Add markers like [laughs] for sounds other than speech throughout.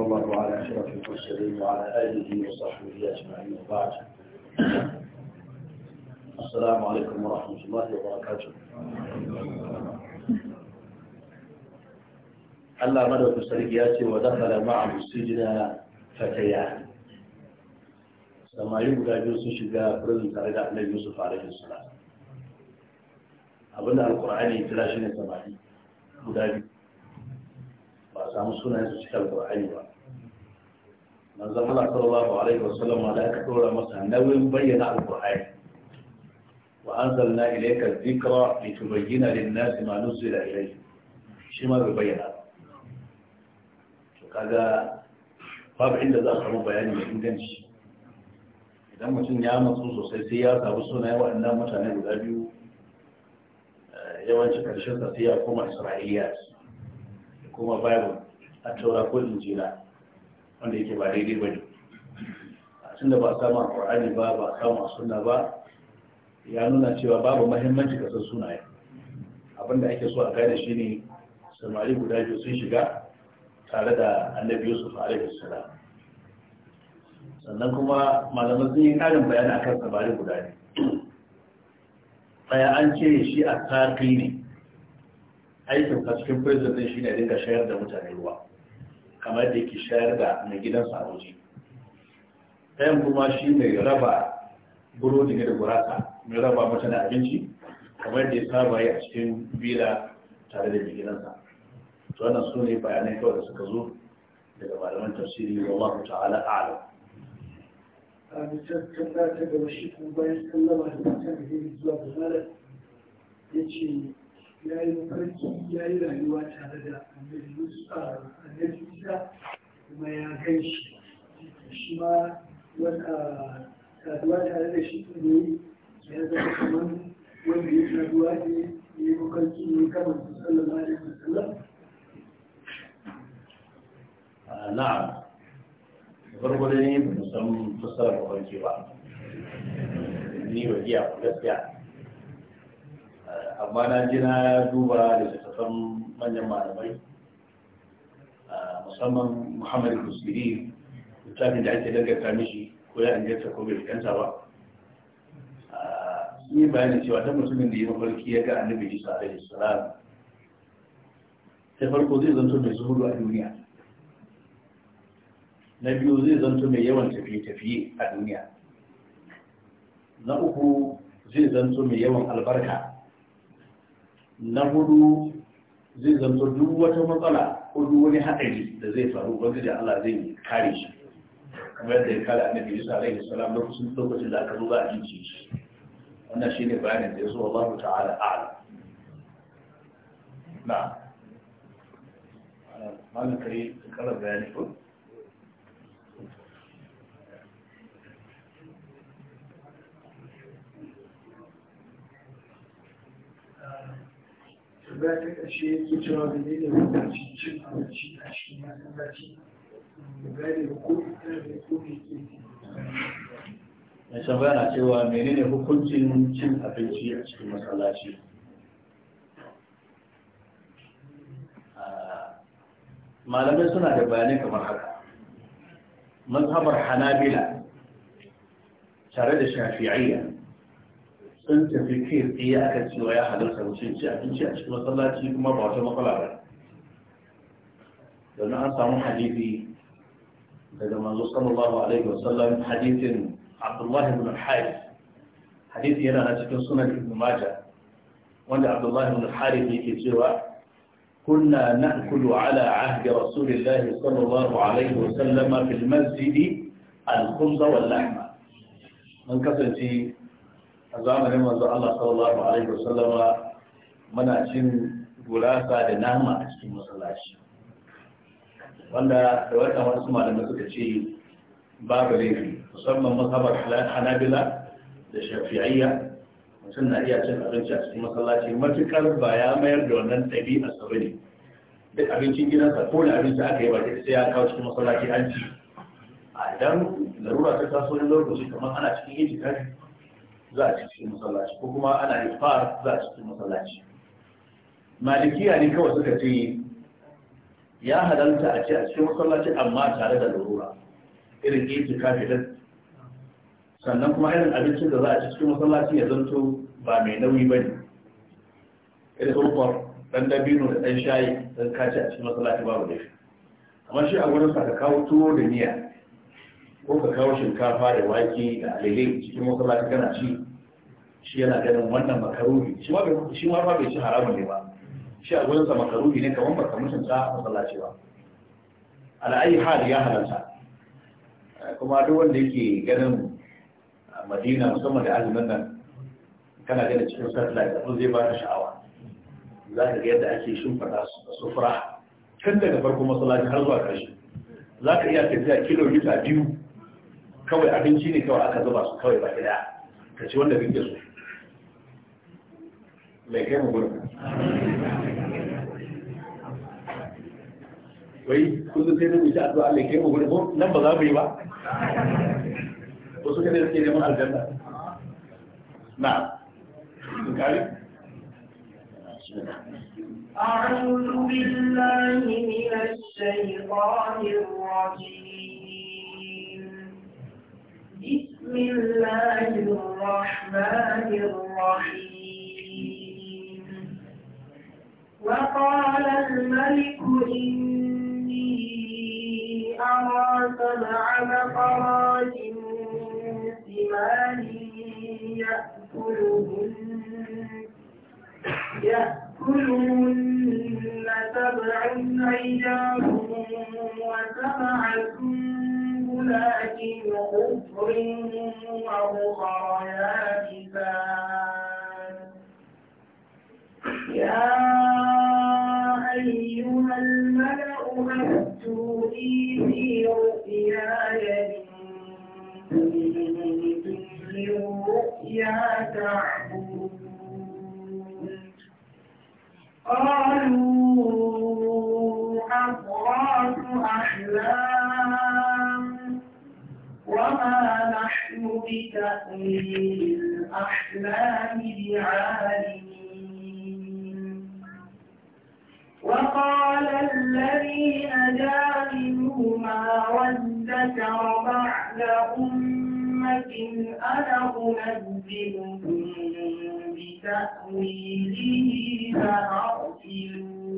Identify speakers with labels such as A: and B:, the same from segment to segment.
A: الله على اشرف المرسلين وعلى اله وصحبه اجمعين وبعد السلام عليكم ورحمه الله وبركاته ألا مدى في ودخل معه السجن فتيان سما يبقى يوسف شجاع برزن تريد على عليه السلام أبناء القرآن يتلاشين سماعي وداجي سامسونا يسكال بحيوة من زمان صلى الله عليه وسلم على أكثر المسهن نوي مبين على البحي وأنزلنا إليك الذكرى لتبين للناس ما نزل إليه شما ببين على كذا باب عند ذاك هو بيان من دنش إذا ما تنيا ما تنسو سيسيا سامسونا وإنما تنيا بذابيو يوانش كرشة سيسيا كما إسرائيلياتي kuma bible a taura ko jira. wanda yake ba daidai ba ne da ba a samu a ƙwararri ba ba a samu a suna ba ya nuna cewa babu mahimmanci ka san sunaye abinda ake so a gane shi ne samari guda biyu sun shiga tare da annabi yusuf a alaihi salam sannan kuma malaman sun yi ƙarin bayani akan samari guda ne ɗaya an ce shi a tarihi ne aikin cikin prison din shine dinga shayar da mutane ruwa kamar da yake shayar da mai gidansa a waje ɗayan kuma shi mai raba burodi ne da gurasa mai raba mutane abinci kamar da ya saba yi a cikin bila tare da mai gidansa to wannan su ne bayanai kawai da suka zo daga malaman tafsiri wallahu ta'ala a'lam
B: ta gaba shi kuma bayan sallama da mutane zuwa ga malam ya ce ya yi mafarki ya yi rayuwa tare da annabi musa annabi isa kuma ya gan shi shi ma wata saduwa tare da shi ne ya zama kamar wanda ya saduwa ne ya yi mafarki ne kamar su sallama alaihi wasallam
A: na'am farko da ne ba mu san fasarar mafarki ba ni wa iya gaskiya amma na ji na duba da littattafan manyan malamai musamman muhammad musulmi littafin da ake dangata mishi ko ya an jarta ko bai kansa ba yi bayani cewa ta mutumin da ya mafarki ya ga annabi isa da salam sai farko zai zanto mai zuhudu a duniya na biyu zai zanto mai yawan tafiye-tafiye a duniya na uku zai zanto mai yawan albarka na hudu zai zanto duk wata matsala ko duk wani haɗari da zai faru wanda da Allah zai kare shi kamar yadda ya kare annabi Isa alaihi salam lokacin lokacin da aka zo za a jince shi wannan shine bayanin da ya zo Allah ta'ala a'lam na malam kai karar bayani ko
B: tambaya ta ƙarshe yake cewa da ne da mutacin cin abinci a cikin masallaci gane da ko ita da ko ne ke
A: mai tambaya na cewa menene hukuncin cin abinci a cikin masallaci malamai suna da bayanai kamar haka mazhabar hanabila tare da shafi'iyya sun tafi kai tsaye aka cewa ya halarta mutum ci abinci a cikin masallaci kuma ba wata matsala ba domin an samu hadisi daga manzo sallallahu alaihi wasallam hadisin abdullah ibn al-harith hadisi yana na cikin sunan ibn majah wanda abdullah ibn al-harith yake cewa كنا نأكل على عهد رسول الله صلى الله عليه وسلم في المسجد الخبز واللحمة من كثرة a zamanin manzo Allah sallallahu alaihi wasallama muna cin gurasa da nama a cikin masallaci wanda da wata wasu malamai suka ce babu laifi musamman mazhabar hanabila da shafi'iyya mutum na iya cin abinci a cikin masallaci matukar ba ya mayar da wannan ɗabi'a sabu ne duk abincin gidansa ko da abinci aka yi ba sai ya kawo cikin masallaci an ci a idan larura ta taso ne lokaci kamar ana cikin yin jikari za a cikin masallaci ko kuma ana yi far za a cikin masallaci malikiya ne kawai suka ce ya halarta a ce a cikin masallaci amma tare da larura irin iti da sannan kuma irin abincin da za a ci cikin masallaci ya zanto ba mai nauyi ba ne irin rufar ɗan dabino da ɗan shayi don kaci a cikin masallaci babu da shi amma shi a wurin sa ka kawo tuwo da miya ko ka kawo shinkafa da wake da alele cikin masallaci kana ci shi yana ganin wannan makaruhi shi ma ba bai ci haramun ne ba shi a gurin sa makaruhi ne kamar baka mutunta a masallaci ba ala ayi ya halarta. kuma duk wanda yake ganin Madina musamman da azumin nan kana ganin cikin satellite da zai ba ka sha'awa za ka ga yadda ake shimfiɗa sufura tun daga farkon masallaci har zuwa ƙarshe za ka iya tafiya kilomita biyu kawai abinci ne kawai aka zuba su kawai baki daya ka ci wanda kake so mai kai mu wai kullum sai mun yi addu'a mai kai mu gurin ko nan ba za mu yi ba wasu kada suke neman aljanna na
C: kun kare أعوذ بالله من الشيطان الرجيم بسم الله الرحمن الرحيم وقال الملك إني أرى سبع بقرات سمان يأكلهن يأكلهن سبع عجاف وسبع سنبل ذات خفر وأخر يابسات يا أيها الملأ أفتوني في رؤياي كنتم للرؤيا تعبدون قالوا أضغاث أحلام وما نحن بتأويل الأحلام بعالمين وقال الذي نجا منهما وادكر بعد أمة أنا أنبئكم بتأويله فأرسلون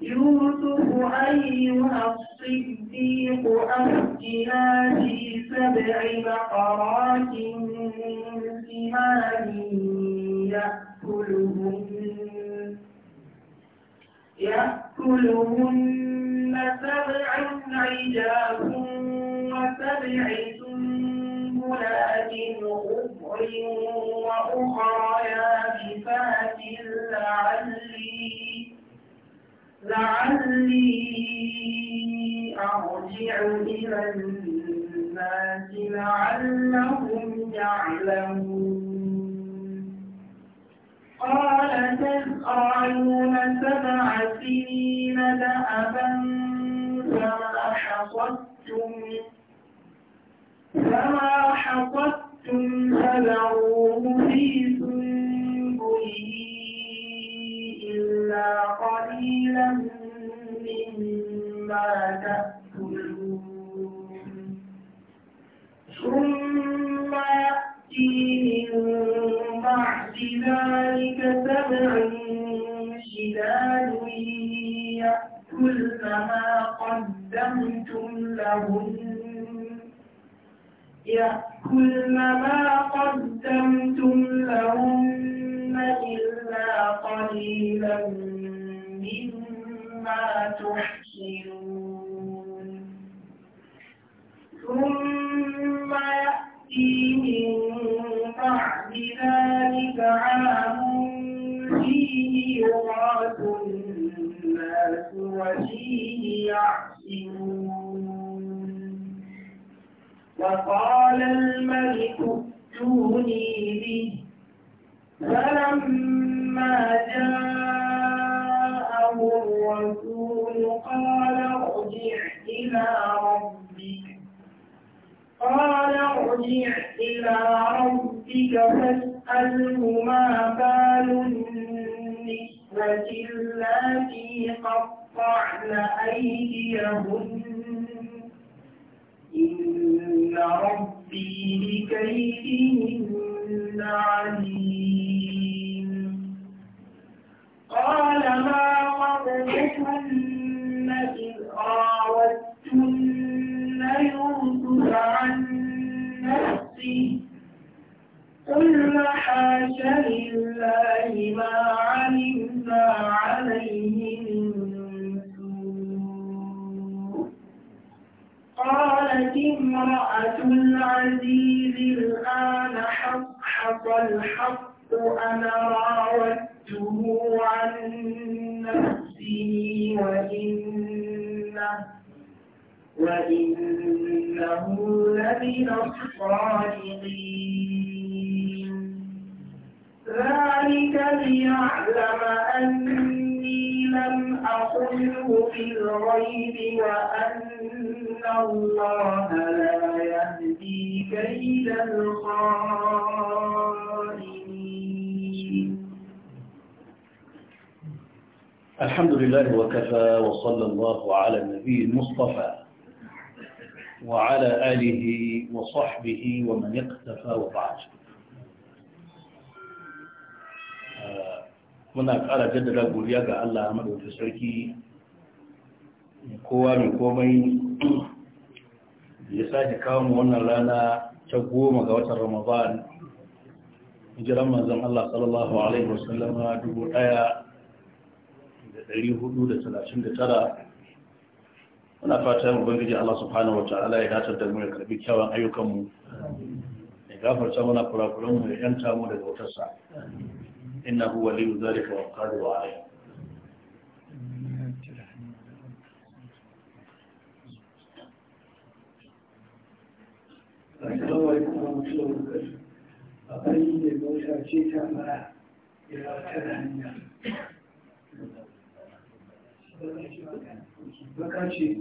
C: يوسف أيها الصالح الصديق أفتنا في سبع بقرات سمان يأكلهن يأكلهن سبع عجاف وسبع سنبلات خضر وأخرى يابسات لعلي لعلي أرجع إلى الناس لعلهم يعلمون قال تزرعون سبع سنين دأبا فما حصدتم فما حصدتم فذروه في سنبله إلا قليلا ثم يأتي من بعد ذلك سبع شداد يأكلن ما قدمتم لهن يأكلن ما قدمتم لهن إلا قليلا مما تحسنون ثم يأتي من بعد ذلك عام فيه يبعث الناس وفيه يعصمون وقال الملك ائتوني به فلما جاءه الرسول قال ارجع إلى ربك قال ارجع إلى ربك فاسأله ما بال النسوة التي قطعن أيديهن إن ربي بكيدهن عليم قال ما قبلكن إذ راوتن يوم عن نفسي قل حاشا لله ما علمنا عليه من سوء قالت امرأة العزيز الآن حق حق الحق أنا من الصالحين ذلك ليعلم أني لم أقله بالغيب وأن الله لا يهدي كيد الخائنين
A: الحمد لله وكفى وصلى الله على النبي المصطفى وعلى آله وصحبه ومن اقتفى وبعد muna ƙara jaddada godiya ga Allah madaukakin sarki kowa mai komai ya sake kawo mu wannan rana ta goma ga watan Ramadan hijiran manzon Allah sallallahu alaihi wasallama dubu ɗaya ɗari da da tara muna fatan ubangiji Allah subhanahu wata'ala ya dace da mu ya karbi kyawun ayyukan mu ya gafarta mana kurakuran mu ya yanta mu daga wutar sa innahu waliyyu zalika wa qadiru alayhi
B: Assalamu alaikum wa rahmatullahi wa barakatuh. Akwai ne bauta ce ta mara ya wata hanya. baka ce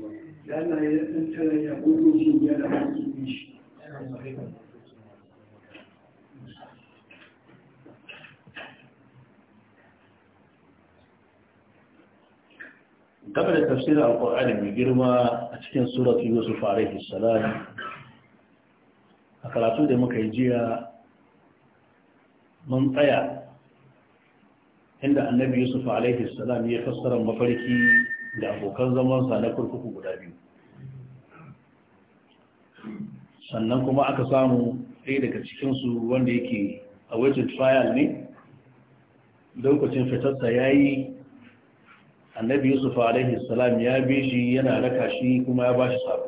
B: da Allah ya tantara ya gudu shi ya da haƙi shi
A: game da tafsirin alkur'ani mai girma a cikin surat yusuf alaihi salam a karatu da muka yi jiya mun tsaya inda annabi yusuf alaihi salam ya fassara mafarki da abokan zaman sa na kurkuku guda biyu sannan kuma aka samu ɗaya daga cikinsu wanda yake a wajen trial ne lokacin fitarsa ya yi annabi yusuf alaihi salam ya bi shi yana raka shi kuma ya ba shi sako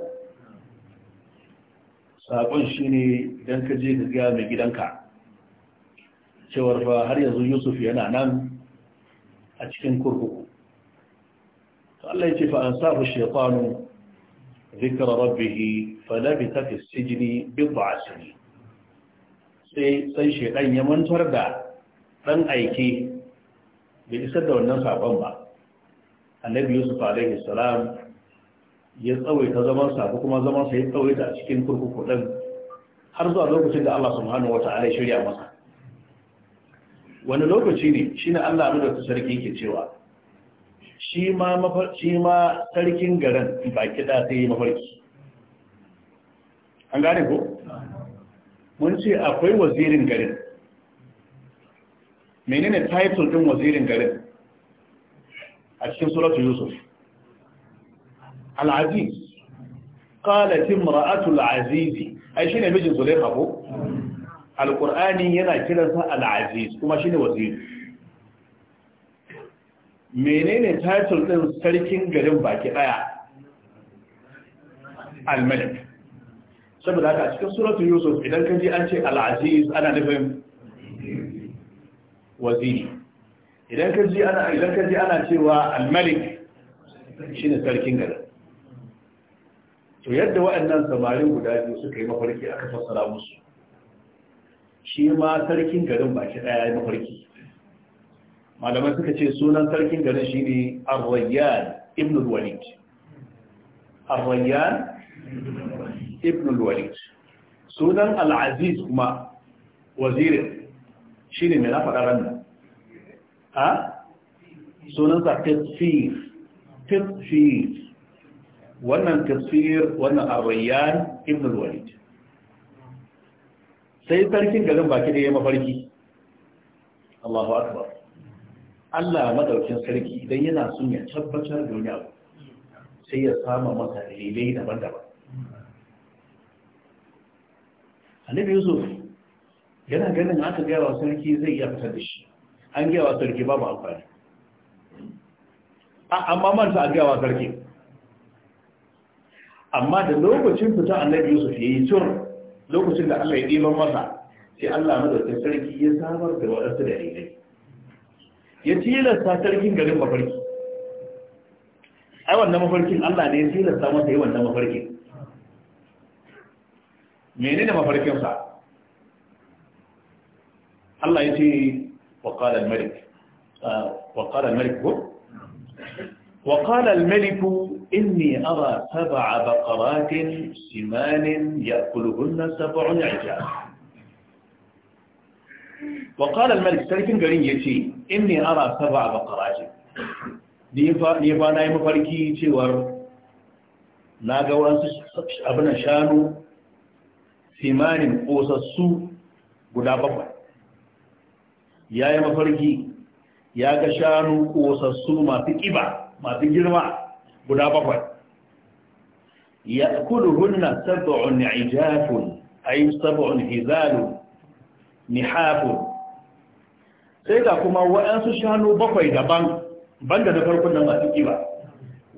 A: sakon shi ne idan ka je ka gaya mai gidanka cewar fa har yanzu yusuf yana nan a cikin kurkuku Allah ya ce fa ansahu shaytanu ذكر ربه فلبث في السجن بضع سنين sai sai shedan ya mantar da dan aike bai isar da wannan sabon ba annabi yusuf alaihi salam ya tsawaita zaman sa kuma zaman sa ya tsawaita a cikin kurkuku din har zuwa lokacin da Allah subhanahu wataala ya shirya masa wani lokaci ne shine Allah mu da sarki yake cewa shi ma sarkin garin ba kiɗa sai yi mafarki an gane ko mun ce akwai wazirin garin menene title din wazirin garin a cikin suratu yusuf al-aziz qalat imra'atu al-aziz ai ne mijin zulaikha ko al yana kiransa al-aziz kuma ne wazirin menene title din sarkin garin baki daya al-malik saboda haka cikin suratu yusuf idan kan ji an ce al-aziz ana nufin waziri idan kan ji ana idan ka ji ana cewa al-malik shine sarkin garin to yadda waɗannan samarin guda biyu suka yi mafarki aka fassara musu shi ma sarkin garin baki daya ya mafarki malamai suka ce sunan sarkin garin shi ne arrayyan ibn walid arrayyan ibn walid sunan al'aziz kuma wazirin shi ne mai na faɗa ranar sunan sunansa tafsir tafsir wannan tafsir wannan arrayyan ibn walid sai sarkin garin baki da ya mafarki Allahu akbar Allah madaukin sarki idan yana son ya tabbatar da wani abu sai ya sama masa dalilai daban-daban annabi yusuf yana ganin aka gaya wa sarki zai iya fitar da shi an gaya wa sarki babu amfani amma manta a gaya wa sarki amma da lokacin fita annabi yusuf ya yi tur lokacin da allah ya ɗiban masa sai allah madaukin sarki ya samar da waɗansu dalilai ya tilasta sarkin garin mafarki ai wannan mafarkin Allah ne ya tilasta masa yi wannan mafarkin menene mafarkinsa Allah ya ce وقال الملك وقال الملك هو وقال الملك إني أرى سبع بقرات سمان يأكلهن سبع عجاب wa qala al-malik sarkin garin yace inni ara sab'a baqarati ni fa ni ba mafarki cewar na ga wasu abin shanu simanin kosassu guda bakwai yayi mafarki ya ga shanu kosassu masu masu girma guda bakwai ya kudu hunna sab'un ijafun ay sab'un hizalun nihafun sai ga kuma waɗansu shanu bakwai daban banda da farkon nan masu kiba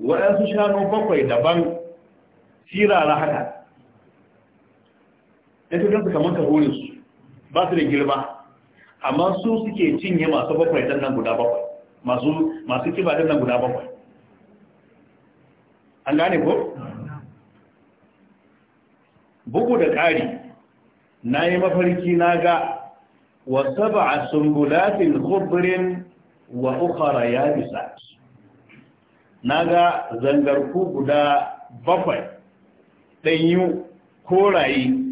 A: waɗansu shanu bakwai daban sirara haka ya fi gansu kamar su ba su da girma amma su suke cinye masu bakwai ɗan nan guda bakwai masu kiba ɗan nan guda bakwai an gane ko? bugu da ƙari na yi mafarki na ga wa sab'a sumbulatin khubrin wa ukhra yabisat naga zangarku guda bakwai danyu korayi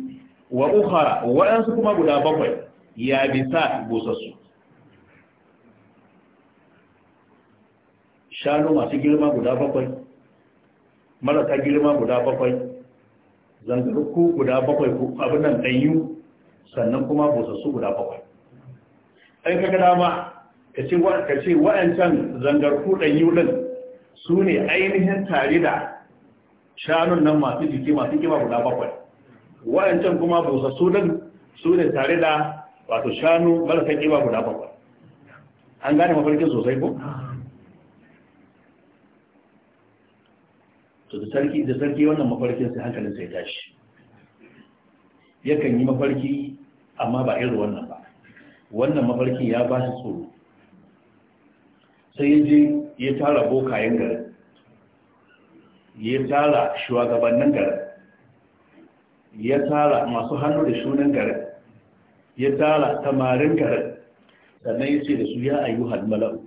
A: غدا بفاي waɗansu kuma guda bakwai shanu masu girma guda bakwai marasa girma guda bakwai zangarku guda bakwai abin nan ɗanyu, sannan kuma busassu guda bakwai Ɗan ka gada ma ka ce wa'ancan zangar kuɗin yulin su ne ainihin tare da shanun nan masu jiki masu kima guda bakwai wa'ancan kuma busassu din su ne tare da wato shanu marasa kima guda bakwai an gane mafarkin sosai ko? to da sarki da sarki wannan mafarkin sai hankalin sai tashi yakan yi mafarki amma ba irin wannan wannan mafarki ya ba shi tsoro sai ya je ya tara bokayen garin ya tara shugabannin garin ya tara masu hannu da shunan garin ya tara tamarin garin sannan ya ce da su ya ayu halmalau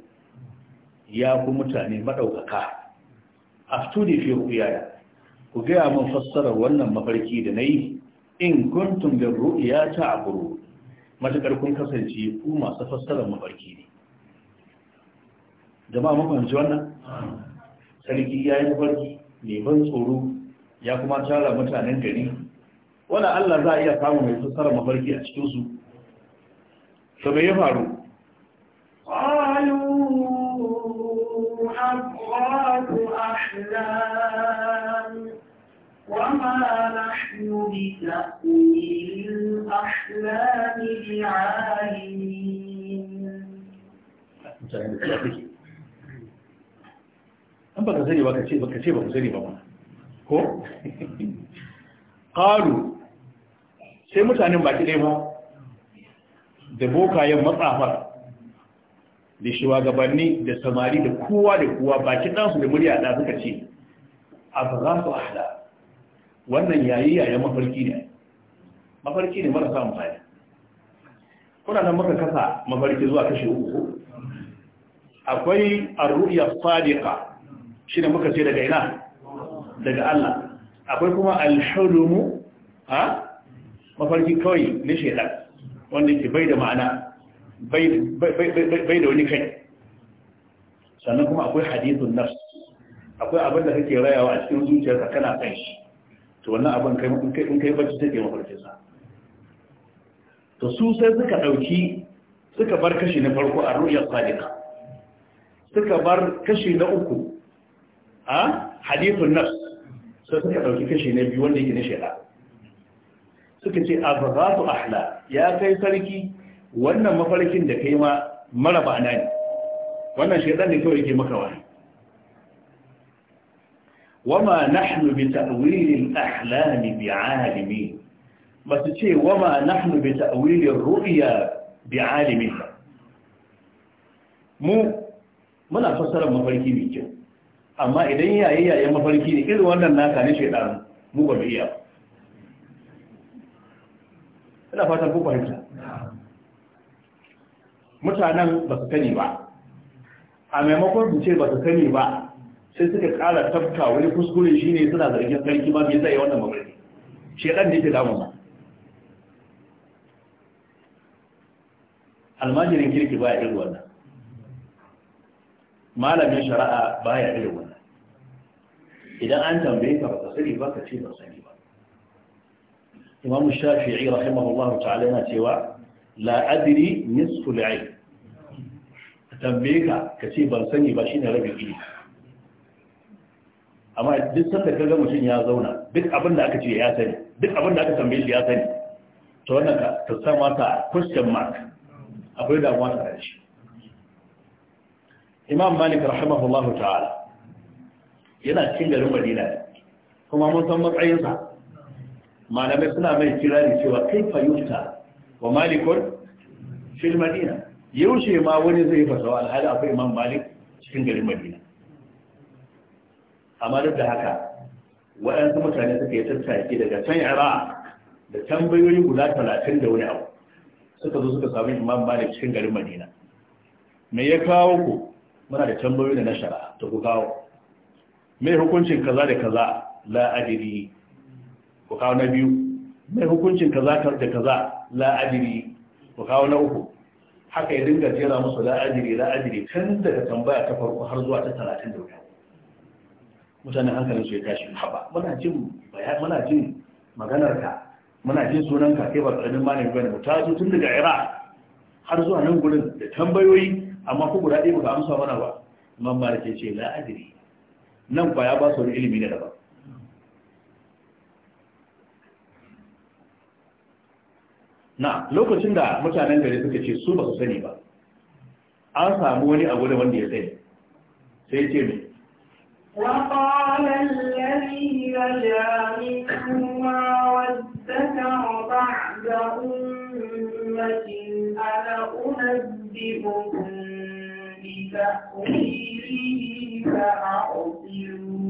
A: ya ku mutane maɗaukaka a fiye ku yaya ku gaya mun fassara wannan mafarki da na yi in kuntum da ru'iya ta aburu matuƙar kun kasance ku masu fassarar mafarki ne jama'a mafahimci wannan sarki ya yi mafarki ne ban tsoro ya kuma tara mutanen gari wani allah za a iya samun mai fassarar mafarki a cikinsu to me ya faru
C: أضغاث أحلام بتأويل الأحلام بعالمين
A: an baka sani baka ce baka ce baka sani ba ma ko ƙaru sai mutanen baki ɗaya ba da bokayen matsafar da shugabanni da samari da kowa da kowa baki ɗansu da murya da suka ce a ba za su ahla wannan yayi yaya mafarki ne mafarki ne marasa amfani kuna nan muka kasa mafarki zuwa kashe uku akwai ar-ru'ya sadiqa shine muka ce daga ina daga Allah akwai kuma al-hulum ha mafarki kawai na shedan wanda yake bai da ma'ana bai da wani kai sannan kuma akwai hadithun nafs akwai abin da kake rayawa a cikin zuciyarka kana kan shi to wannan abin in kai bacci take mafarkinsa to su sai suka ɗauki suka bar kashi na farko a ru'yar salika suka bar kashi na uku a hadithun nafs sai suka ɗauki kashi na biyu wanda yake na shaida suka ce azabatu ahla ya kai sarki wannan mafarkin da kai ma mara ba'ana ne wannan shaidan ne kawai yake maka wani wama nahnu bi ta'wilil ahlami bi alimi ba su ce wama nahnu bi ta'wilin ru'ya bi alimi mu muna fassara mafarki mai kyau amma idan yayi yayi mafarki ne irin wannan naka ne shedan mu ba iya ina fatan ku fahimta mutanen ba su kani ba a maimakon su ce ba su kani ba sai suka kara tafka wani kuskure shine suna zargin sarki ma me yasa yayi wannan mafarki shedan ne yake damu almajirin kirki baya irin wannan malamin shari'a baya irin wannan idan an tambaye ka baka sani ba ka ce ba sani ba imam shafi'i rahimahullahu ta'ala yana cewa la adri nisfu al-ilm tambaye ka ka ce ban sani ba shine rabin ilimi amma duk sanda kaga mutum ya zauna duk abin da aka ce ya sani duk abin da aka tambaye shi ya sani to wannan ka ta san mata question mark akwai damuwa ta rashi imam malik rahimahullahu ta'ala yana cikin garin madina kuma mun san matsayinsa malamai suna mai kirari cewa kai yuta wa malikun fil madina yaushe ma wani zai fasawa alhali akwai imam malik cikin garin madina amma duk da haka waɗansu mutane suka yi tattaki daga can yara da tambayoyi guda talatin da wani abu suka zo suka samu imam da cikin garin madina me ya kawo ku muna da tambayoyi da na shara ta ku kawo mai hukuncin kaza da kaza la adiri ku kawo na biyu mai hukuncin kaza da kaza la adiri ku kawo na uku haka ya dinga jera musu la adiri la adiri tun daga tambaya ta farko har zuwa ta talatin da wani mutanen hankalin su ya tashi haba muna jin muna jin maganar ka muna jin sunan ka kai ba karamin malami bane mu taso tun daga ira har zuwa nan gurin da tambayoyi amma ku guda ɗaya ba amsa mana ba imam malik ya ce la adri nan ba ya ba su wani ilimi ne daban na lokacin da mutanen gari suka ce su ba su sani ba an samu wani abu da wanda ya sani sai ce mai
C: وقال الذي رجا منهما وادكر بعد أمة أنا أنبئكم بتأويله فأرسلون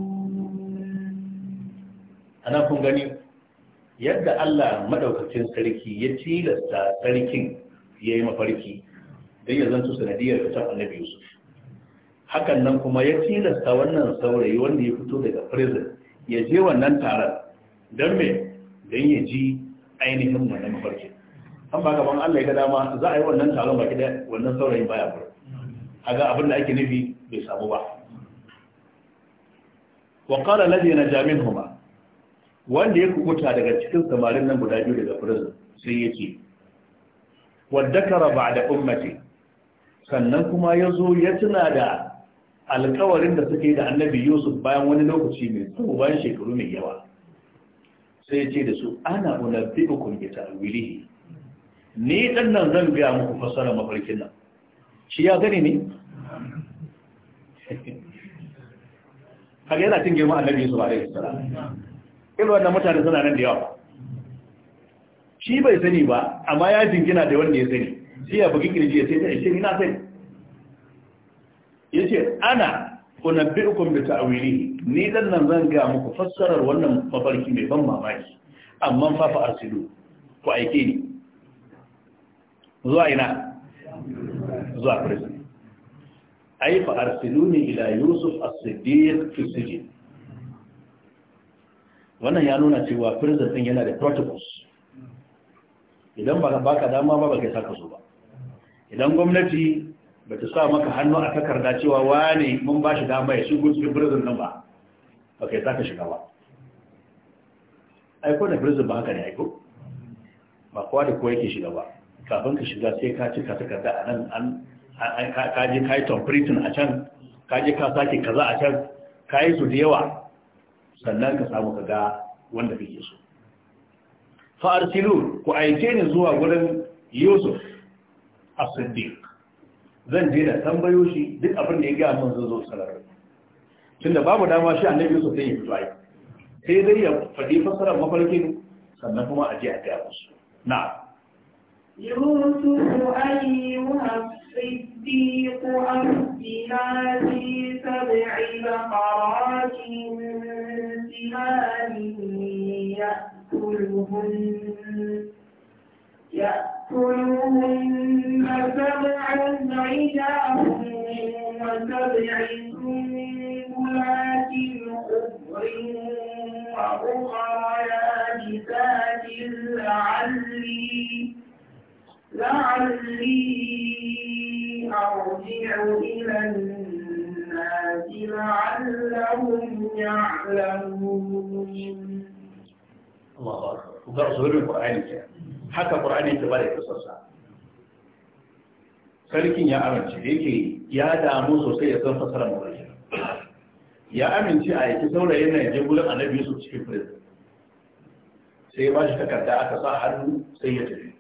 A: yadda Allah madaukakin sarki ya tilasta sarkin ya yi mafarki don ya zanto sanadiyar fitar annabi Yusuf hakan nan kuma ya tilasta wannan saurayi wanda ya fito daga prison ya je wannan taron don me don ya ji ainihin wannan mafarki an ba gaban Allah ya ga dama za a yi wannan taron baki da wannan saurayin baya a ga abin da ake nufi bai samu ba wa qala ladhi naja minhuma wanda ya kukuta daga cikin samarin nan guda biyu daga prison sai ya ce wadda kara ba da ummati sannan kuma ya zo ya tuna da alkawarin da suka yi da annabi yusuf bayan wani lokaci mai tsawo bayan shekaru mai yawa sai ce da su ana unabbi ukun bi ta'wilihi ni dan nan zan biya muku fassara mafarkin nan shi ya gani ne [laughs] kaga yana cin girman annabi yusuf alaihi salam ilu wannan mutane suna nan da yawa shi bai sani ba amma ya jingina da wanda ya sani Sai ya bugi kirji ya sai ta ishe ni na sani yace ana unabbi'ukum bi ta'awili ni dan nan zan ga muku fassarar wannan mafarki mai ban mamaki amma fa fa arsilu ku aike ni zuwa ina zuwa prison ai fa ni ila yusuf as-siddiq fi sijin wannan ya nuna cewa prison din yana da protocols idan ba ka dama ba ba kai saka so ba idan gwamnati ba ta sa maka hannu a takarda cewa wane mun ba shi dama ya shigo cikin prison nan ba ba kai za ka shiga ba aiko da prison ba haka ne aiko ba kowa da kowa yake shiga ba kafin ka shiga sai ka cika takarda a nan an ka je ka yi tompritin a can ka je ka sake kaza a can ka yi su da yawa sannan ka samu ka ga wanda kake so fa'arsilu ku aike ni zuwa wurin yusuf as-siddiq zan je na tambayo shi duk abin da ya gaya mun zan zo sanar tun da babu dama shi annabi Yusuf sai ya fito ai sai dai ya faɗi fasarar mafarkin sannan kuma a je a gaya musu na'am
C: يوسف أيها الصديق أفتنا في سبع بقرات سمان يأكلهن يأكلهن كلوا من سبع عجاف وسبع سنبلات خضر وأخرى يابسات لعلي لعلي أرجع إلى الناس لعلهم يعلمون
A: الله أكبر وقرأ سورة القرآن يعني haka ƙur'ani ta bada sassa. sarkin ya amince da yake ya damu sosai ya san fasara mawari ya amince a yake saurayin na yaje gudun annabi su cikin firis sai ya ba shi takarda aka sa hannu sai ya tafi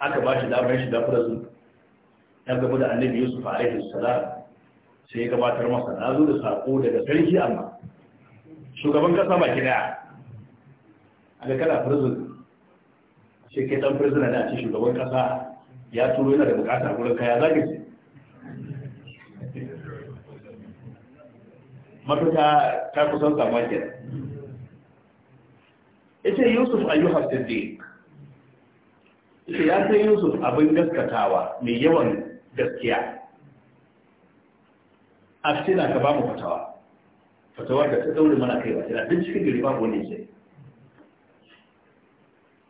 A: aka ba shi damar shiga firis ya gaba da annabi yusuf alaihi sala sai ya gabatar masa na zo da sako daga sarki amma shugaban kasa baki daya a ga kana firis ce kai dan prisoner da ce shugaban kasa ya turo yana da bukata gurin kaya zaka ce mafita ta kusan samuwa ke ita yusuf a ayyuhar siddiq ita ya sai yusuf abin gaskatawa mai yawan gaskiya a na ka ba mu fatawa fatawar da ta daure mana kai ba cikin gari babu wani sai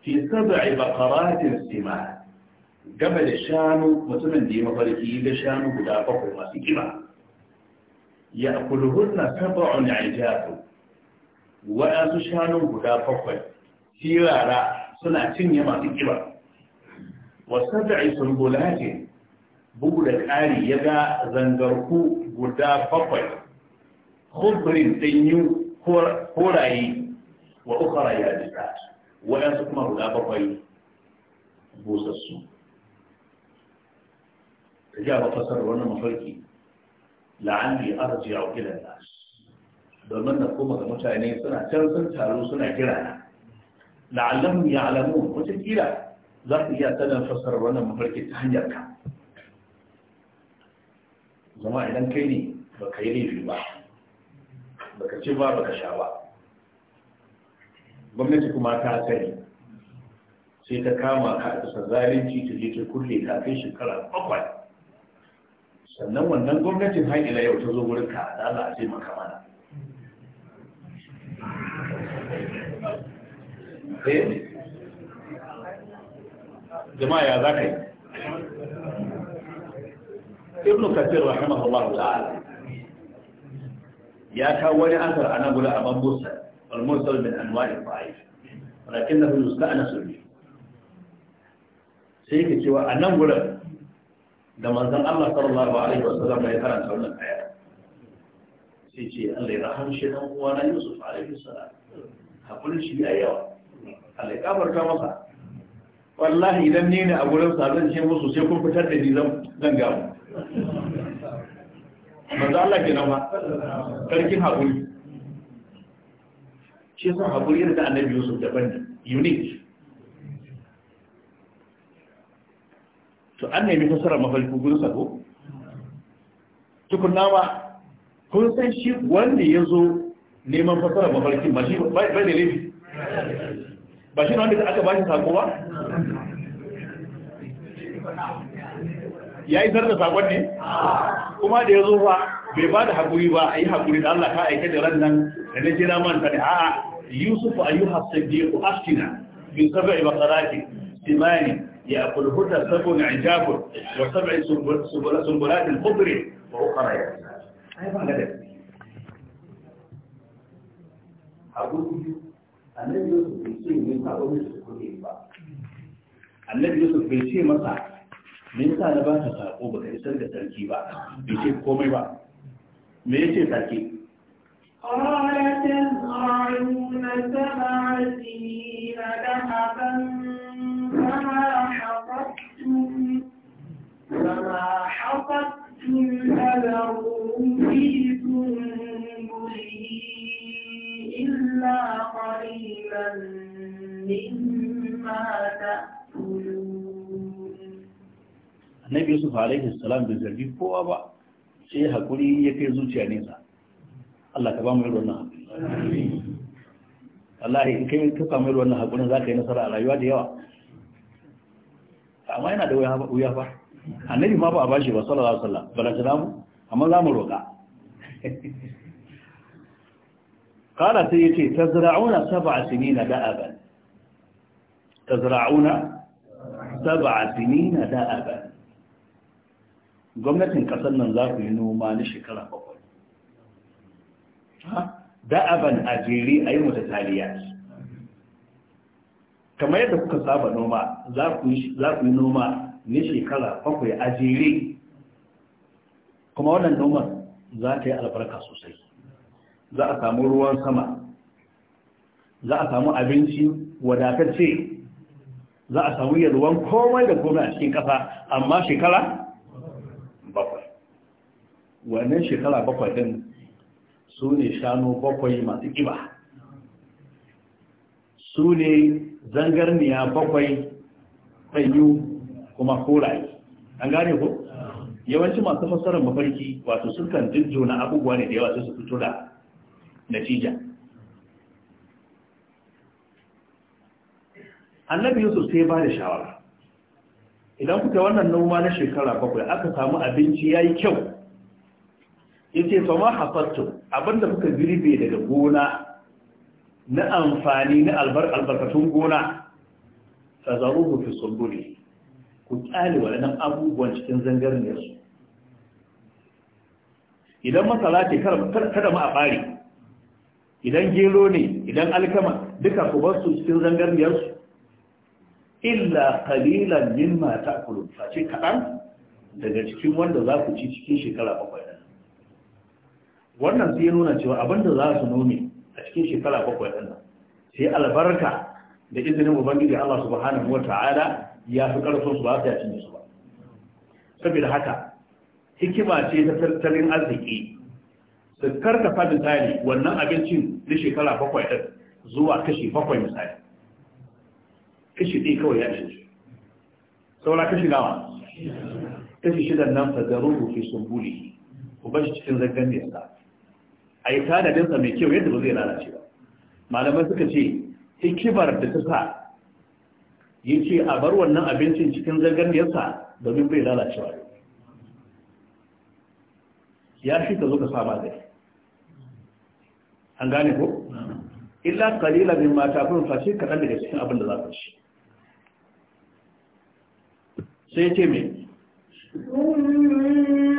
A: في سبع بقرات السماء قبل الشام وثمان ديما فريقي لشام بدا فقر ما سكما يأكلهن سبع عجاب وأن شام بدا فقر سيرارا سنة تنيا ما سكما وسبع سنبولات بولة آلي يدا زنجركو بدا فقر خضر تنيو خوراي وأخرى يابسات waɗansu kuma guda bakwai busassu ta ji a fasar wannan mafarki la'alli arji a wakilan nas domin na koma ga mutane suna can sun taru suna kira na la'allam ya alamu wata gira za su iya tsanan fasar wannan mafarki ta hanyar ka zama idan kai ne ba ka yi laifi ba ba ka ci ba ba ka sha ba gwamnati kuma ta sani sai ta kama ka a kusa zalunci ta je ta kulle ta kai shekara bakwai sannan wannan gwamnatin har ila yau ta zo wurin ka da Allah a sai maka mana
B: eh? jama'a ya za ka yi ibn kasir rahimahullahu ta'ala
A: ya kawo wani asar a nan gudu a bambusa والمرسل من أنواع الضعيف ولكنه يستأنس به سيك سوى أن نقول لما أنزل الله صلى الله عليه وسلم لا يترى سوى الحياة سيك اللي رحم شيئا وانا يوسف عليه السلام هقول شيء أيوة اللي كبر كمصر wallahi idan ni ne a gurin sa zan ce musu sai kun fitar da ni zan zan gamu
B: manzo Allah kenan ba sarkin
A: hakuri shi yasa haƙuri da annabi yusuf daban ne unique to an nemi fasarar mafarki gudu sako tukunna ma kun san shi wanda ya zo neman fasara mafarki ba shi ba da laifi ba shi wanda aka ba shi sako ba
B: ya yi zarta sakon ne kuma da ya zo ba bai ba da
A: haƙuri ba a yi haƙuri da Allah ka aika da ran nan da na kira manta ne a'a yusuf ayyuha sadiqu aftina min sab'i baqarati simani يأكل هدى سبع عجاب وسبع سنبلات الخضر وأخرى يأكل أيضا لدى annabi yusuf ya min annabi yusuf bai ce masa me sa na ba ta sako ba ka isar da sarki ba bai ce komai ba me yace sarki
C: قال تزرعون سبع سنين ذهبا فما حصدتم فما حصدتم فذروه في سنبله إلا قليلا مما تأكلون
A: النبي يوسف عليه السلام bai zargi kowa ba sai haƙuri ya kai zuciya nesa Allah ka ba mu irin wannan wallahi in kai ka samu irin wannan za zaka yi nasara a rayuwa da yawa amma yana da wuya ba annabi ma ba a bashi ba sallallahu alaihi wasallam bala salamu amma za mu roƙa قال سيتي تزرعون ta zirauna saba تزرعون سبع سنين دأبا gwamnatin kasar nan za ku yi noma na shekara bakwai da'aban a jere a yi taliya. kamar yadda kuka saba noma za ku yi noma ne shekara bakwai a jere kuma wannan noman za ta yi albarka sosai za a samu ruwan sama za a samu abinci wadatacce za a samu yalwan komai da komai a cikin ƙasa amma shekara bakwai wannan shekara bakwai din su ne shanu bakwai masu ƙiba su ne zangarniya bakwai ɗanyu kuma koraye an gane ku? yawanci masu fassarar mafarki wato sukan jijjona abubuwa ne da yawa sai su fito da natija annabi yusuf sai ba da shawara idan kuka wannan noma na shekara bakwai aka samu abinci ya yi kyau yace to ma hafattu abinda kuka girbe daga gona na amfani na albarkatun gona fa zaruhu fi sulbuli ku wa nan abubuwan cikin ne su idan masala ce kada ma a bari idan gero ne idan alkama duka ku bar su cikin ne su illa qalilan mimma ta'kulun fa ce kadan daga cikin wanda za ku ci cikin shekara bakwai wannan sai nuna cewa abinda za su nome a cikin shekara bakwai ɗin nan sai albarka da izinin ubangiji Allah subhanahu wa ta'ala ya fi ƙarfin su ba su yacin su ba saboda haka hikima ce ta tattalin arziki su fadin misali wannan abincin na shekara bakwai ɗin zuwa kashi bakwai misali kashi ɗaya kawai ya ce saura kashi nawa kashi shidan nan fagaruhu fi sumbulihi ku bashi cikin zaggan da a yi tanadinsa mai kyau yadda ba zai lalace ba malamai suka ce hikimar da ta sa yi ce a bar wannan abincin cikin yasa domin bai lalace ba. ya shi ka zo ka sama zai an gane ko? illa kalila min mata kun fashe kaɗan daga cikin abin da za ka ci sai ce mai
C: ثم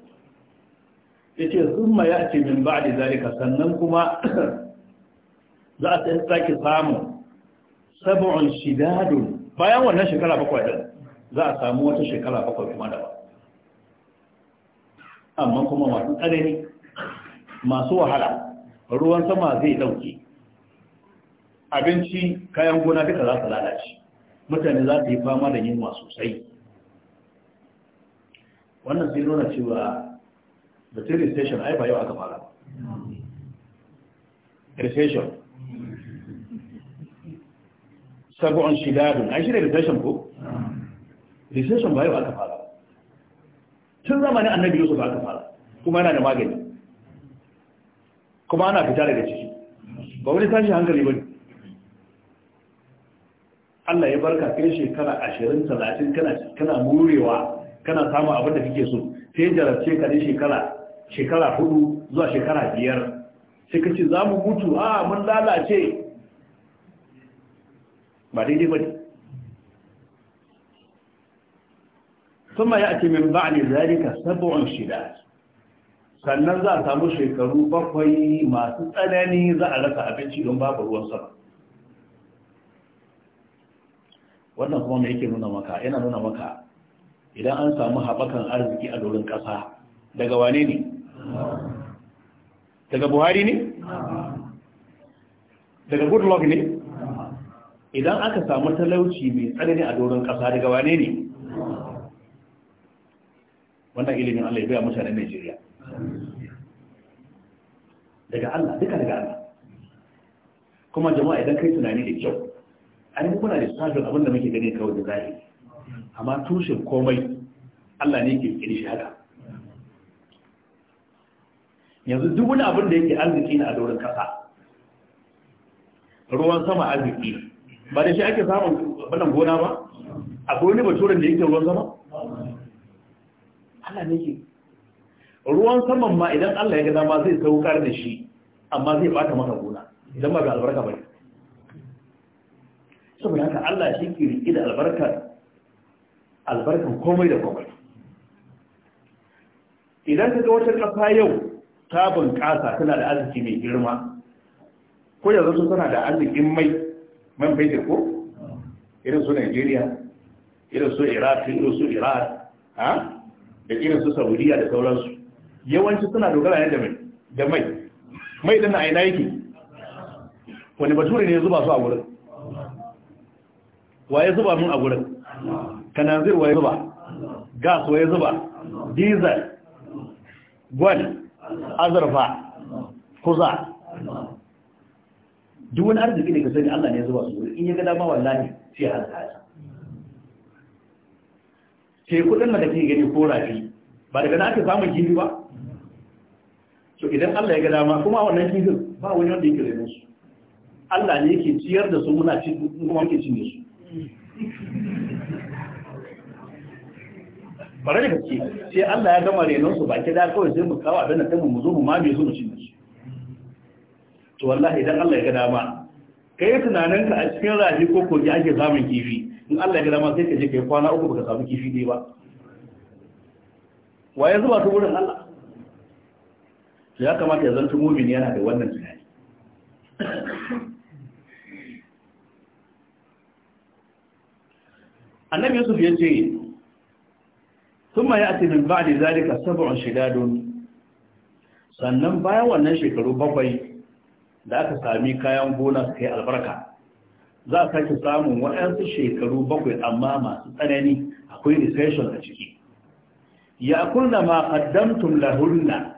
A: yace ya ce min ba'di zalika sannan kuma za a san sake samu sab'un shidadun bayan wannan shekara bakwai din za a samu wata shekara bakwai kuma da amma kuma masu tsanani masu wahala ruwan sama zai dauke abinci kayan gona duka za su lalace mutane za su yi fama da yunwa sosai wannan zai nuna cewa batun station ai ba yau aka fara recession sabon shidadun ai shi da recession ko recession ba yau aka fara tun zamanin annabi yusuf aka fara kuma yana da magani kuma ana fita daga ciki ba wani tashi hankali ba ne Allah ya barka kai shekara ashirin talatin kana murewa kana samun abin da kake so sai jarabce ka ne shekara shekara hudu zuwa shekara biyar sai ka ce za mu mutu a mun lalace ba daidai ba ne ya ce min ba ne zarika sabon shida sannan za a samu shekaru bakwai masu tsanani za a rasa abinci don babu ruwan sama wannan kuma mai yake nuna maka yana nuna maka idan an samu haɓakan arziki a doron ƙasa daga wane ne daga buhari ne daga Goodluck ne idan aka samu talauci mai tsanani a doron kasa daga wane ne wannan ilimin allah ya biya mutanen nigeria daga allah duka daga allah kuma jama'a idan kai tunani da kyau an yi kuna da sashen abinda muke gani kawai da zahiri amma tushen komai allah ne ke kiri shi haka yanzu duk wani abin da yake arziki na a doron kasa ruwan sama arziki ba da shi ake samun banan gona ba akwai wani baturen da yake ruwan sama Allah ne ke ruwan saman ma idan Allah ya gada ma zai saukar da shi amma zai bata maka gona idan ba ga albarka ba saboda haka Allah shi ke riƙe da albarkar albarkar komai da komai idan ka ga wata ƙasa yau ta bunƙasa tana da arziki mai girma ko yanzu sun tana da arzikin mai man fetur ko irin su Najeriya irin su Iraq irin su Iraq, ha da irin su Saudiya da sauransu yawanci suna dogara ne da mai da mai mai din a ina yake wani bature ne ya zuba su a wurin waye zuba mun a wurin kananzir waye zuba gas waye zuba diesel gwal azurfa kuza duk wani arziki da ka sani Allah ne ya zuba su in ya ga dama wallahi sai ya halaka sai kudin da kake gani ko rafi ba daga na ake samun kifi ba to idan Allah ya ga dama kuma wannan kifin ba wani wanda yake rene su Allah ne yake ciyar da su muna cin kuma muke cin su
B: bare da gaske sai Allah
A: ya gama renon su baki da kawai sai mu kawo abin da kuma mu zo mu ma su mu cin shi to wallahi idan Allah ya ga dama kai tunanin ka a cikin rafi ko kogi ake samun kifi in Allah ya ga dama sai ka je kai kwana uku baka samu kifi dai ba waye zuba ta wurin Allah to ya kamata ya zanta mumin yana da wannan tunani annabi yusuf ya ce ثم يأتي من بعد ذلك سبع شداد sannan bayan wannan shekaru bakwai da aka sami kayan gona su kai albarka za a sake samun waɗansu shekaru bakwai amma masu tsanani akwai recession a ciki ya kunna ma qaddamtum lahunna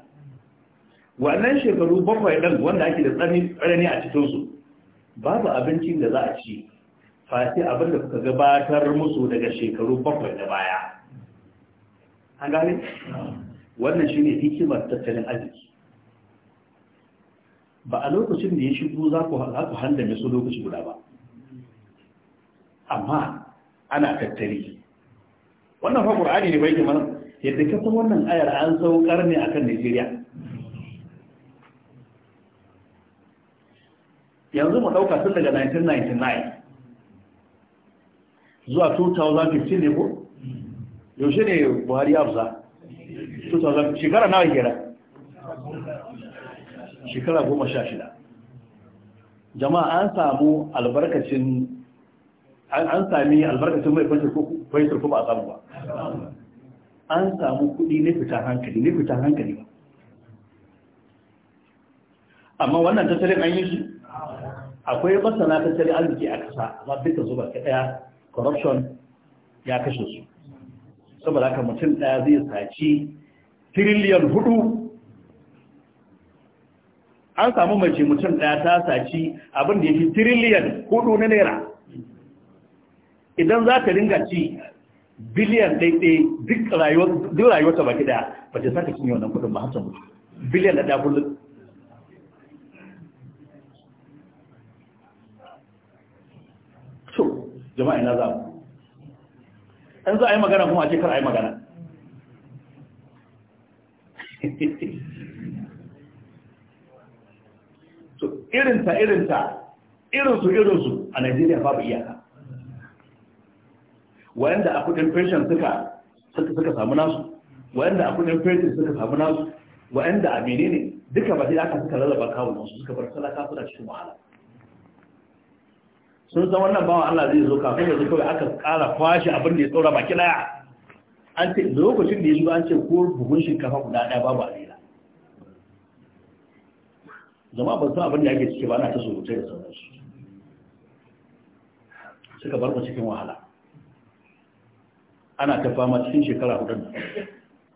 A: wannan shekaru bakwai dan wanda ake da tsanani a cikin su babu abinci da za a ci fasi abin da kuka gabatar musu daga shekaru bakwai da baya an gane wannan shi ne hikimar tattalin arziki ba a lokacin da ya shigo za ku handame su lokaci guda ba amma ana tattali wannan fa ne ne bai kamar yadda kasa san wannan ayar an saukar ne akan nigeria yanzu mu ɗauka tun daga 1999 zuwa 2015 ne ko yaushe ne buhari afza 2000 shekara na kera shekara goma sha shida jama'a an samu albarkacin an sami albarkacin mai fahimtar ko ba a samu ba an samu kudi na fita hankali na fita hankali ba amma wannan tattalin an yi shi akwai masana tattalin arziki a kasa amma duka zuba ka daya corruption ya kashe su saboda haka mutum ɗaya zai saci tiriliyan hudu an samu mace mutum ɗaya ta saci abin da ya fi tiriliyan hudu na naira idan za ta ringa ci biliyan ɗaiɗai duk rayuwar ta baki ɗaya ba ta saka cinye wannan kudin ba hasa mutu biliyan da ɗaya kullum so jama'a ina za mu an za a yi magana kuma a ce kar a yi magana so irinta irinta irinsu irinsu a Najeriya babu iyaka wayanda a kudin pension suka suka samu nasu wayanda a kudin pension suka samu nasu wanda a menene duka ba sai aka suka lalaba kawo nasu suka bar talaka suna cikin wahala sun san wannan bawan Allah zai zo kafin da kawai aka ƙara kwashe abin da ya tsora baki daya an ce lokacin da ya zo an ce ko buhun shinkafa guda daya babu lera zama ba san abin da yake cike ba na ta surutai da sauransu suka bar cikin wahala ana ta fama cikin shekara hudun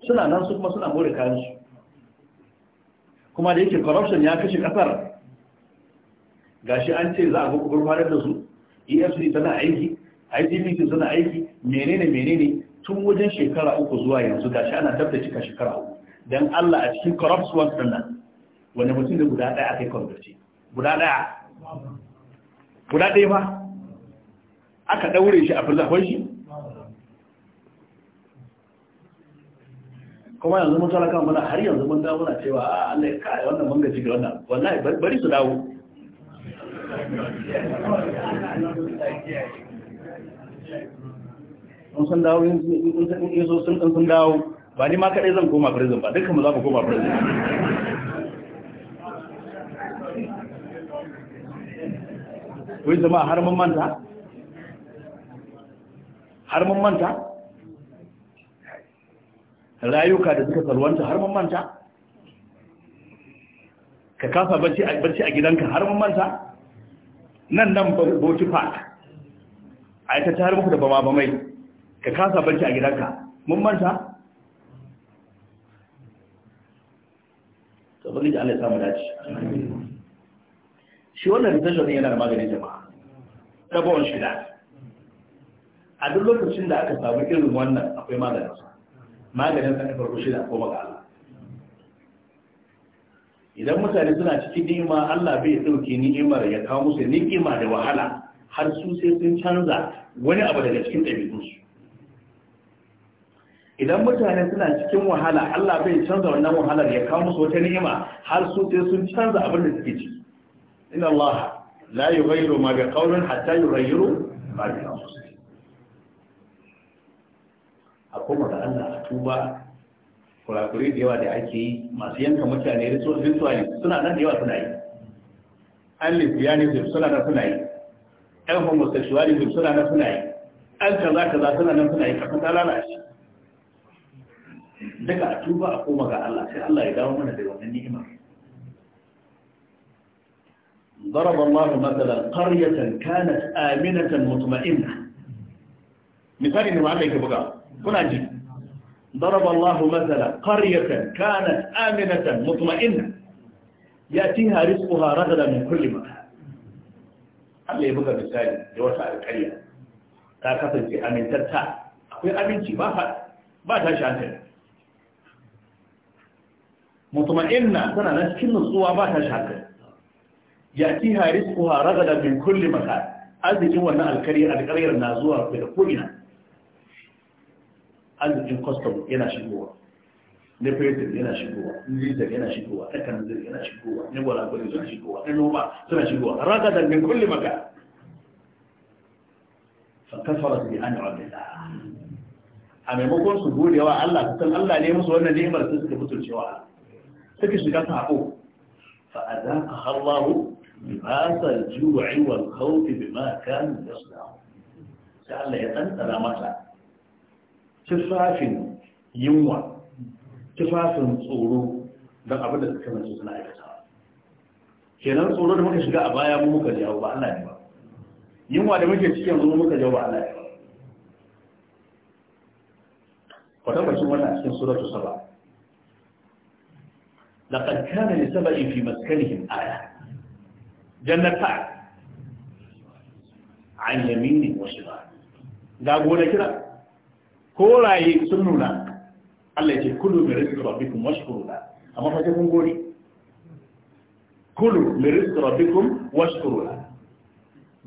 A: suna nan su kuma suna more kayan su. kuma da yake corruption ya kashe kasar gashi an ce za a gurfanar da su ESD tana aiki ICBC suna aiki menene menene tun wajen shekara uku zuwa yanzu gashi ana tabda cika shekara uku dan Allah a cikin corrupt ones din nan wani mutum da guda daya akai converti guda daya guda daya ba aka daure shi a fulzafon shi kuma yanzu mun talaka muna har yanzu mun dawo muna cewa ah, Allah ya kai wannan mun gaji ga wannan wallahi bari su dawo sun dawo in so sun ɗan sun dawo ba ni ma kaɗai zan koma prison ba dukkan mu za mu koma prison wai zama har mun manta har mun manta rayuka da suka salwanta har mun manta ka kasa barci a gidanka har mun manta nan nan boci park a ta tare muku da bama bamai ka kasa barci a gidanka mun manta sabon da Allah ya samu dace shi wannan rizallo ne yana da maganin jama'a tabon shida a duk lokacin da aka samu irin wannan akwai maganin maganin sa na farko shida ko maka idan mutane suna cikin ni'ima Allah bai dauke ni'imar ya kawo musu ni'ima da wahala har su sai sun canza wani abu daga cikin su idan mutane suna cikin wahala Allah bai canza wannan wahalar ya kawo musu wata ni'ima har su sai sun canza abin da suke ci inna Allah la yughayyiru ma bi qawlin hatta yughayyiru ma bi anfusihim a kuma Allah a tuba kurakurai da yawa da ake yi masu yanka mutane rituali suna nan da yawa suna yi an lesbianism suna nan suna yi an homosexualism suna nan suna yi an kaza kaza suna nan suna yi kafin ta lalace daga a tuba a koma ga Allah sai Allah ya dawo mana da wannan ni'imar ضرب الله مثلا قرية كانت آمنة مطمئنة مثال إنه عليك بقى كنا جيد ضرب الله مثلا قرية كانت آمنة مطمئنة يأتيها رزقها رغدا من كل مكان هل يبقى بالسائل جواسة الكرية تاكفل في أمين تتا أقول أمين تي بافت بات أشانتين مطمئنة سنة نسكن الصوى بات أشانتين يأتيها رزقها رغدا من كل مكان أذي جوانا الكرية الكرية النازوة في القرية arzikin custom yana shigowa na fetur yana shigowa lizar yana shigowa na kanzir yana shigowa na gwalagwale suna shigowa na noma suna shigowa raka dangin kulle maka fakasarar bi an abdullah a maimakon su gode wa Allah su san Allah ne musu wannan ni'imar sun suka mutunce wa Allah suka shiga sako fa azaka Allahu libasal ju'i wal khawfi bima kanu yasna'u sai Allah ya tsantsara masa tufafin yunwa tufafin tsoro don abin da suka mace suna aikata kenan tsoro da muka shiga a baya mu muka jawo ba Allah ne ba yunwa da muke cikin yanzu muka jawo ba Allah ne ba kwatankwacin wannan cikin suratu saba in كان لسبأ في aya jannata جنتان yamini يمين ba. ga gona kira كولاي سنونا الله كلوا من ربكم واشكروا له أما فجأة نقولي كلوا من ربكم واشكروا له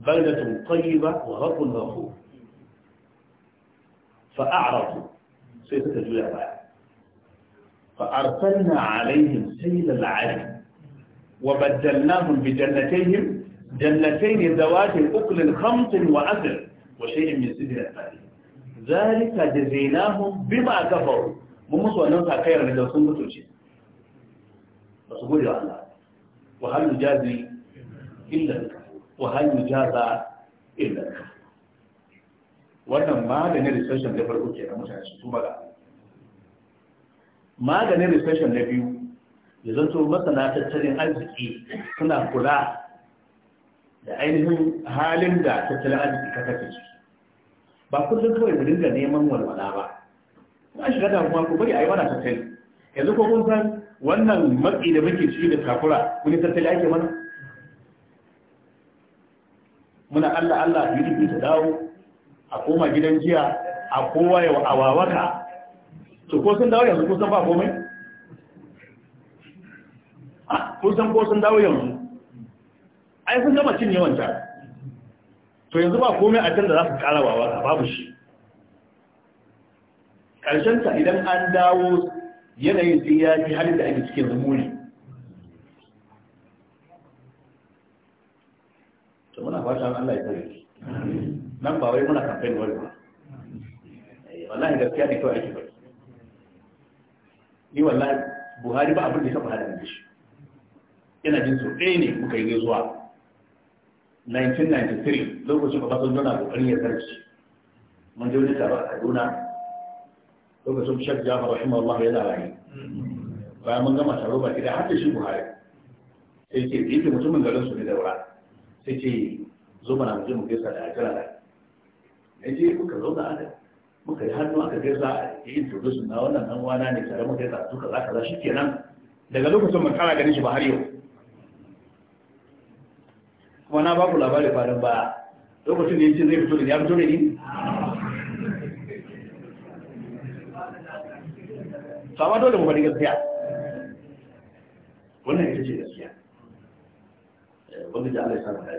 A: بلدة طيبة ورب غفور فأعرضوا سيدة الجلالة فأرسلنا عليهم سيل العالم وبدلناهم بجنتين جنتين ذوات أكل خمط وأثر وشيء من سجن الفاتحة zalika da zainahun bima kafaru mun musu wannan sakayar da sun mutuce ba su gode wa Allah wa hal jazi illa wa hal jaza illa wannan maganin recession da farko ke na mutane su tuba ga maganin recession na biyu ya zanto masana tattalin arziki suna kula da ainihin halin da tattalin arziki ka kace ba kullum kawai mu dinga neman walwala ba ba shiga da kuma ku bari ayi yi wani tattali yanzu ko kun san wannan matsi da muke ciki da takura wani tattali ake mana muna Allah Allah yi ta dawo a koma gidan jiya a kowa ya awawaka to ko sun dawo yanzu ko san ba komai ah, kun san ko sun dawo yanzu ai sun gama cin yawan ta to yanzu ba komai a can da za su ƙara wa wata babu shi ta idan an dawo yanayin sai ya fi halin da ake cikin zamuni to muna fata Allah ya tsare nan ba wai muna kamfen wani ba eh, wallahi gaskiya ne kyau ake bari ni wallahi buhari ba abin da ya taɓa halin da shi yana jin sau ɗaya ne muka yi zuwa. 1993 lokacin obasanjo na kokarin ya zarci mun je wani taro a kaduna lokacin shek jafar allah ya zarayi bayan mun gama taro baki da hadda shi buhari sai ce da yake mutumin garin su ne daura sai ce zo mana mu mu gaisa da ajiyar da ya je muka zauna a muka yi hannu aka gaisa a yi introduce na wannan dan wana ne tare muka gaisa duka za ka za shi kenan daga lokacin mun kara ganin shi ba har yau kuma na ku labarin farin ba lokacin da ya ce zai fito da ya fito da ni sama dole mu faɗi gaskiya wannan ita ce gaskiya wanda eh, da Allah ya sa dace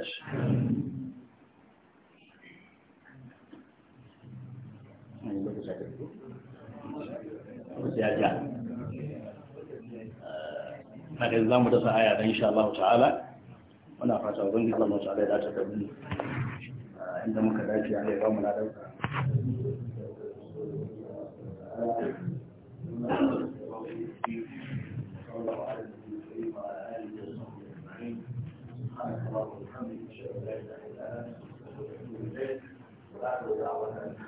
A: ya ja eh, na da za mu dasa aya don insha Allah ta'ala muna fata ubangiji Allah masu ala ya dace da mu inda muka dace Allah ya ba mu na dauka
B: Thank you.